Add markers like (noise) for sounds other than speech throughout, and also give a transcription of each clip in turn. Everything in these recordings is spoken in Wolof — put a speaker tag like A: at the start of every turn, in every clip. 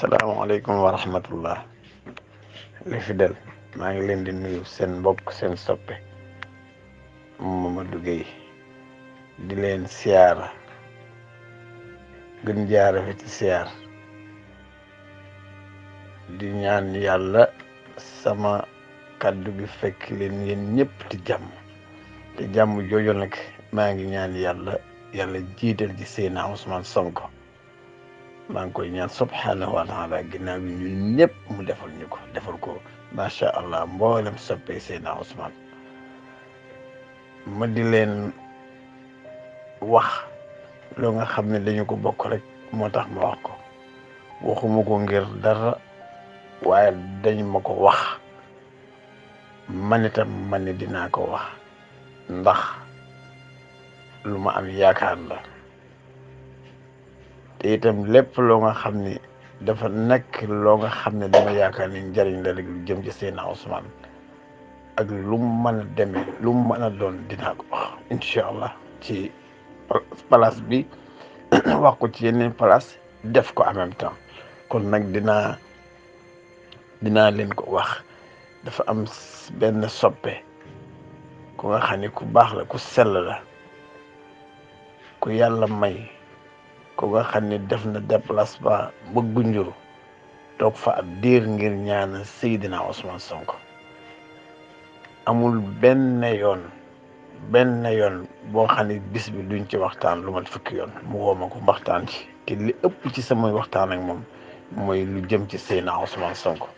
A: salaamaaleykum wa rahmatullah li fi maa ngi leen di nuyu seen mbokk seen soppe Mamadou Gueye di leen siyaara gën jaara fi siyaar di ñaan yàlla sama kàddu gi fekk leen yéen ñëpp ci jàmm te jàmm jooju nag maa ngi ñaan yàlla yàlla jiital ci Seydina Ousmane Sonko maa ngi koy ñaan subhanahu wa taala ginnaaw bi ñëpp mu defal ñu ko defal ko macha allah mboolem soppe Seydina Ousmane ma di leen wax loo nga xam ne dañu ko bokk rek moo tax ma wax ko waxuma ko ngir dara waaye dañu ma ko wax man itam man ne dinaa ko wax ndax lu ma am yaakaar la te lépp loo nga xam ni dafa nekk loo nga xam ne dama yaakaar ni njariñ la rek lu jëm ci Seydina Ousmane ak lu mu mën a demee lu mu mën doon dinaa ko wax allah ci place bi (clears throat) wax ko ci yeneen place def ko en même temps kon nag dinaa dinaa leen ko wax dafa am benn soppe ku nga xam ku baax la ku sell la ku yàlla may ko nga xam ne def na déplacement ba Gunjur toog fa ab diir ngir ñaana Seydina Ousmane Sonko amul benn yoon benn yoon boo xam ne bis bi duñ ci waxtaan lu mat fukki yoon mu woo ma ko waxtaan ci te li ëpp ci samay waxtaan ak moom mooy lu jëm ci Seydina Ousmane Sonko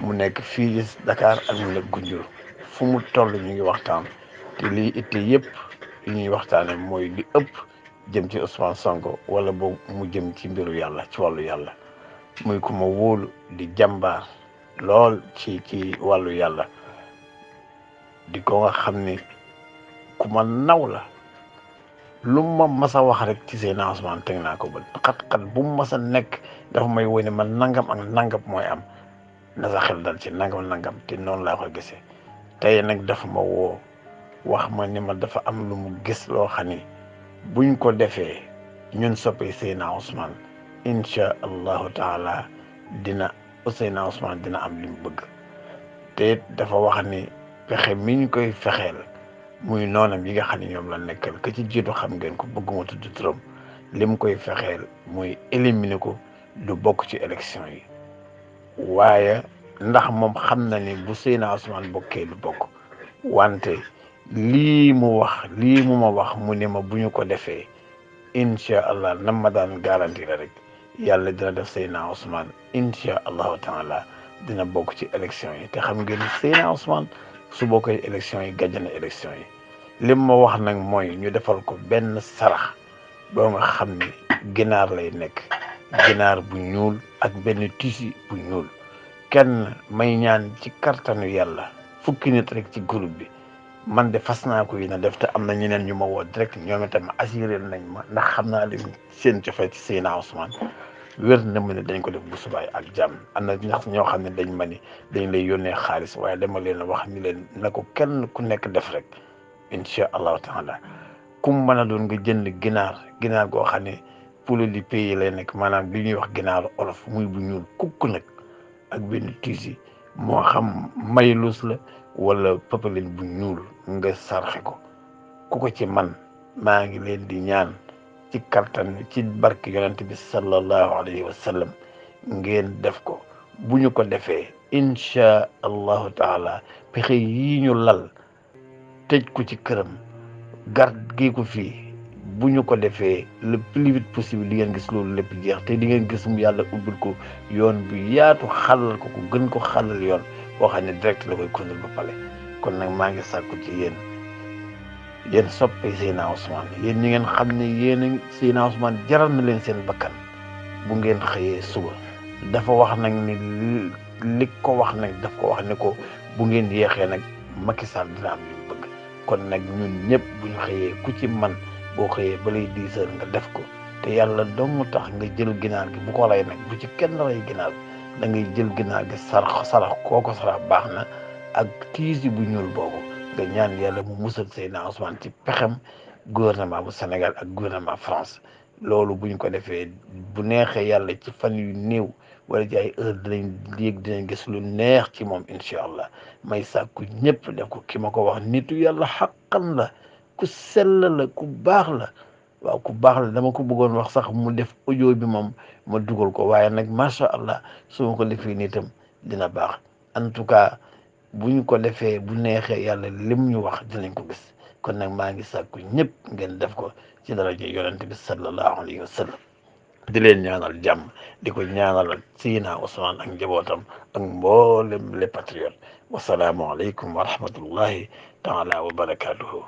A: mu nekk fii ci Dakar ak mu nekk Gunjur fu mu toll ñu ngi waxtaan te lii itte yëpp li ñuy waxtaane mooy li ëpp jëm ci Ousmane Sonko wala boog mu jëm ci mbiru yàlla ci wàllu yàlla muy ku ma di jàmbaar lool ci ci wàllu yàlla di ko nga xam ni ku ma naw la lu ma mas wax rek ci Seydina Ousmane teg naa ko ba xat-xat bu mu mas nekk dafa may wone ma nangam ak nangam mooy am na sa xel dal ci nangam nangam te noonu laa ko gisee te nag dafa ma woo wax ma ni ma dafa am lu mu gis loo xam ni buñ ko defee ñun soppee Seyna Ousmane incha allahu taala dina Seyna Ousmane dina am limu bëgg te dafa wax ni fexe miñ koy fexeel muy noonam yi nga xam ne ñoom la nekkal ka ci jiitu xam ngeen ko bëgguma tudd turam lim koy fexeel muy éliminer ko du bokk ci élection yi waaye ndax moom xam na ni bu Seyna Ousmane bokkee du bokk wante lii mu wax lii mu ma wax mu ni ma bu ñu ko defee incha allah nam ma daan garanti la rek yàlla dina def Seydina Ousmane incha allahu taala dina bokk ci élection yi te xam ngeen Seydina Ousmane su bokkee élection yi gàjj na yi lim ma wax nag mooy ñu defal ko benn sarax boo nga xam ni ginaar lay nekk ginaar bu ñuul ak benn tisi bu ñuul kenn may ñaan ci kartanu yàlla fukki nit rek ci groupe bi man de fas naa ko yi na def te am na ñeneen ñu ma woo direct ñoom itam assuré nañ ma ndax xam naa li seen cofee ci Seydina Ousmane wér na mu ne dañ ko def bu subaay ak jàmm am na ñax ñoo xam ne dañ ma ni dañ lay yónnee xaalis waaye dama leen wax ni leen na ko kenn ku nekk def rek incha allahu taala kum mën a doon nga jënd ginaar ginaar goo xam ne poulet du pays lay nekk maanaam li ñuy wax ginaaru olof muy bu ñuul kukk nag ak benn tiis yi moo xam maylus la wala papalin bu ñuul nga sarxe ko ku ko ci man maa ngi leen di ñaan ci kattan ci barke yonent bi sallallahu alayhi wa sallam ngeen def ko bu ñu ko defee inchaa allahu taala pexe yii ñu lal tëj ko ci këram gar gi ko fii bu ñu ko defee le plus di ngeen gis loolu lépp jeex te di ngeen gis mu yàlla ubbil ko yoon bu yaatu xàllal ko ko gën ko xàllal yoon boo ne direct la koy kondal ba pale kon nag maa ngi sàkku ci yéen yéen soppe Seydina Ousmane yéen ñi ngeen xam ne yéen Seydina Ousmane jaral na leen seen bakkan bu ngeen xëyee suba dafa wax nag ni li ko wax nag daf ko wax ne ko bu ngeen yeexee nag Macky Sall dina am li bëgg kon nag ñun ñëpp bu xëyee ku ci man boo xëyee ba lay dix heures nga def ko te yàlla dong tax nga jël ginaar gi bu ko rey nag bu ci kenn rey ginaar bi da ngay jël ginaar gi sarax sarax kooko sarax baax na ak tiisi bu ñuul boobu nga ñaan yàlla mu musal Seydina Ousmane ci pexem gouvernement bu Sénégal ak gouvernement France loolu bu ñu ko defee bu neexee yàlla ci fan yu néew wala ci ay heure dinañ léegi dinañ gis lu neex ci moom incha may sàkku ñëpp def ko ki ma ko wax nitu yàlla xaqan la ku sell la ku baax la waaw ku baax la dama ko bëggoon wax sax mu def audio bi moom ma dugal ko waaye nag macha allah su ma ko defee dina baax en tout cas bu ñu ko defee bu neexee yàlla lim ñu wax dinañ ko gis kon nag maa ngi sàkku ñëpp ngeen def ko ci daraja yonent bi sallallahu alayhi wa sallam di leen ñaanal jàmm di ko ñaanal siina Ousmane ak njabootam ak mboolem les patriotes wasalaamualeykum wa rahmatullahi taala wa barakatuhu